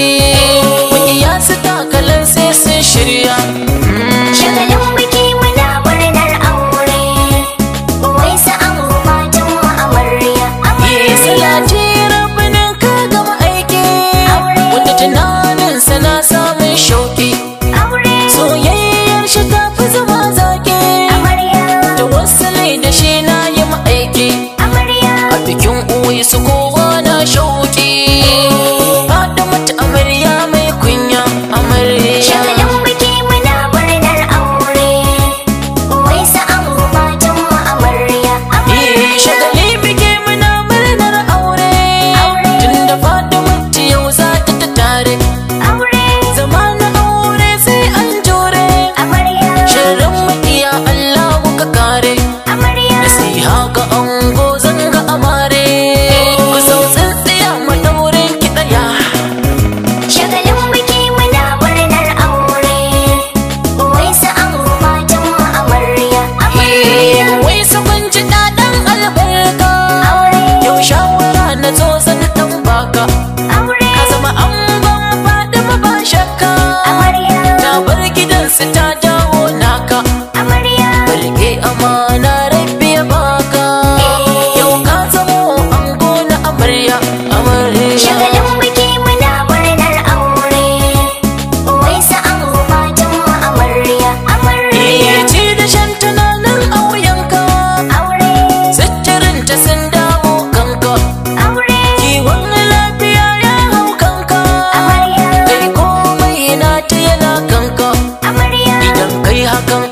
ー Sit down, how come